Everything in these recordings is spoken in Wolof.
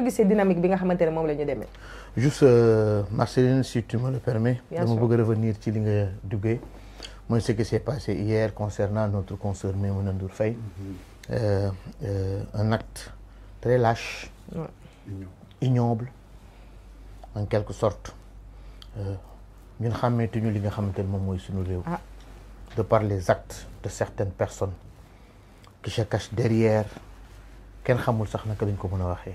nga dynamique bi nga xamantene mom lañu juste euh, Marceline si tu me le permets. dama bëgg revenir ci li nga duggé moy ce qui s'est passé hier concernant notre consoeur Maimouna Ndour Faye. Mhm. Euh, euh, un acte très lâche. ignoble en quelque sorte. ñun tuñu li nga xamantene mom moy suñu réew. Ah. de par les actes de certaines personnes qui se cachent derrière kenn xamul sax naka lañ ko mëna waxé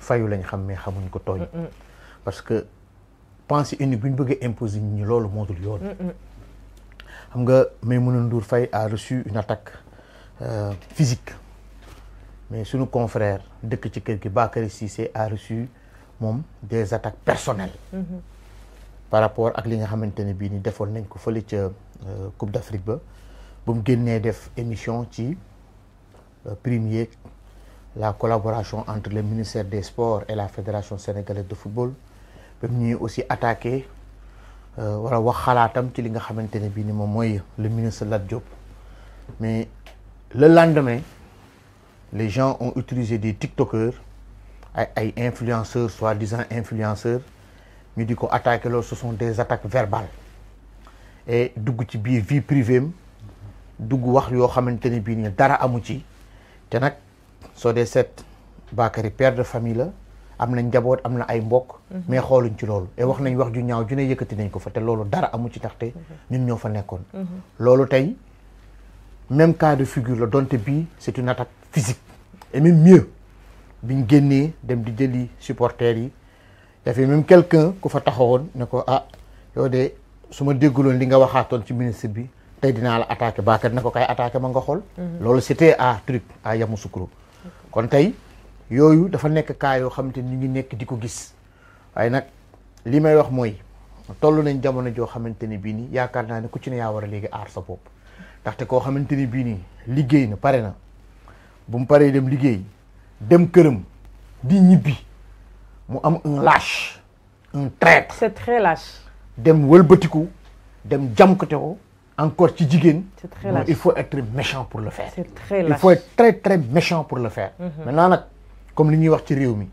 fayu lañ xam mais ko parce que pensée unique bu ñu imposer ñu loolu mootul yoon xam nga même Ndour Fay a reçu une attaque euh, physique mais suñu confrère dëkk ci kër gi Bakary Cissé a reçu mom, des attaques personnelles mm -hmm. par rapport ak li nga xamante ne bii ni defoon nañ ko euh, Coupe d'Afrique ba ba mu génnee def émission ci euh, premier la collaboration entre le ministère des Sports et la Fédération sénégalaise de football ils ont aussi attaqué euh, wala wax ci li le ministre la Diop mais le lendemain les gens ont utilisé des tiktokers des influenceurs soi-disant influenceurs mais ils ont attaqué ce sont des attaques verbales et dugg ci vie privée am dugg wax yoo dara amouti, soo dee seet Bakary père de famille la am nañ njaboot am na ay mbokk mhm. mais xooluñ ci loolu et wax nañ wax ju ñaaw ju ne yëkkati nañ ko fa te loolu dara amu ci ndaxte mhm. ñun ñoo fa nekkoon mhm. loolu tey même cas de figure la donte bii c'est une attaque physique et même dem di jëli supporters yi dafay même quelqu'un ku fa taxawoon ne ko ah de su ma dégguloon li nga waxaatoon ci ministre bi tey dinaa la attaqué Bakary na ko kay attaqué ma nga xool loolu c'était à truc à Yamoussoukro kon tey yooyu dafa nekk cas yoo xamante ni ñu ngi nekk di ko gis waaye nag li may wax mooy toll nañ jamono joo xamante ni bii nii yaakaar naa ne ku ci ne yaa war a léegi aar sa bopp ndaxte koo xamante ni bii nii liggéey na pare na bu mu paree dem liggéey dem këram di ñibbi mu am un lâche un traître dem wëlbatiku dem jàmkate encore ci jigéen il faut être méchant pour le faire il faut être très très méchant pour le faire mhm. maintenant nak comme liñuy wax ci réew mi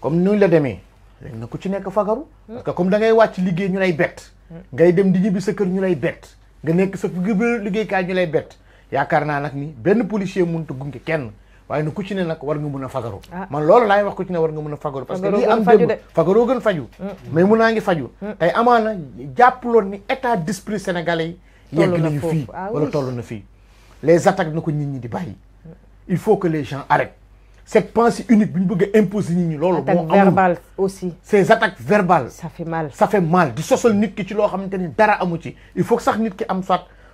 comme nuñ la démé léegi na ku ci nekk fagaru mhm. parce que comme da ngay wacc liggéey ñu lay bett mhm. ngay dem di ñibbi sa kër ñu lay bett nga nek sa liggéeykaay ñu lay bett yaakaar naa nag ni ben policier mënut a gunge kenn waaye nu ku ci ne nag war nga mun a fagaru ah. man loolu laay wax ku ci ne war nga mun a fagaru parce que lii am démb fagaroo gën faju mm. mais mu naa ngi faju mm. tey amaana jàppaloon ni état d'esprit sénégalais yi yegg nañu fii ah wala toll na fii les attaques na ko nit ñi di bàyyi mm. il faut que les gens arrêtent cette pensée unique bi ñu bëgg a imposer nit ñi loolu moo amul verbale aussi ces attaques verbales ça fait mal ça fait mal di sosal nit ki ci loo xamante ni dara amu ci il faut que sax nit ki am soit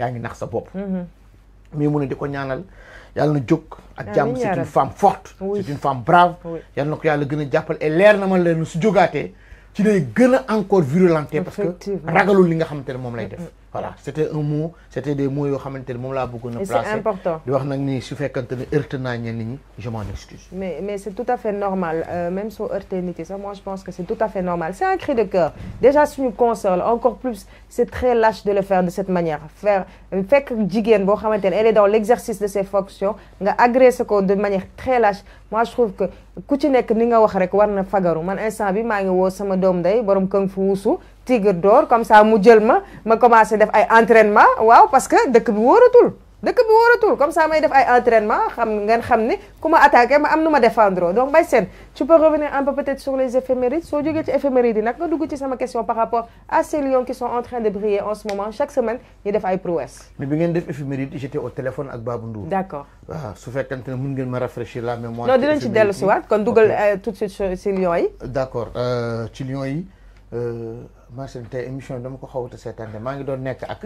yaa ngi nax sa bopp. Mm-hmm. mais mu a di ko ñaanal yàlla na jóg a jàmm c'est une femme forte. c'est une femme brave. yàlla na ko yàlla gën a jàppale et leer na ma leen su jógaatee ci lay gën a encore virulenter parce que ragalul li nga xamante ne moom lay def. Mm-hmm. voilà c'était un mot c'était des mots qui ont été moom c'est important je m'en excuse. mais mais tout à fait normal euh, même sur heurtee nit moi je pense que c'est tout à fait normal C'est un cri de cœur déjà nous console encore plus c'est très lâche de le faire de cette manière faire jigen elle est dans l'exercice de ses fonctions nga de manière très lâche moi je trouve que. ku ci nekk ni nga wax rek war na fagaru man instant bi maa ngi woo sama doom day borom kën fu wusu tigre d'or comme ça mu jël ma ma commencé def ay entraînement waaw parce que dëkk bi wóoratul dëkk bi comme ça may def ay entraînement xam ngeen xam ne ku ma attaqué am nu ma défendre donc Mbaye tu peux revenir un peu peut-être sur les éphémérides soo jógee ci éphémérides yi nag nga dugg ci sama question par rapport à ces lions qui sont en train de briller en ce moment chaque semaine ñu def ay prouesses. mais bi ngeen def éphéméride j'étais au téléphone ak Babou Ndour. d'accord waaw su fekkente ne mën ngeen ma rafraîchir la mémoire. non dinañ ci dellusiwaat kon dugal euh, tout de suite ces lions yi. d'accord euh, ces lions yi. Euh, Marceline tey émission bi dama ko xaw a seetaan maa ngi doon nekk ak.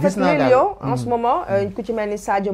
gis naa daal non en en ce hmm. moment euh, ku ci mel ni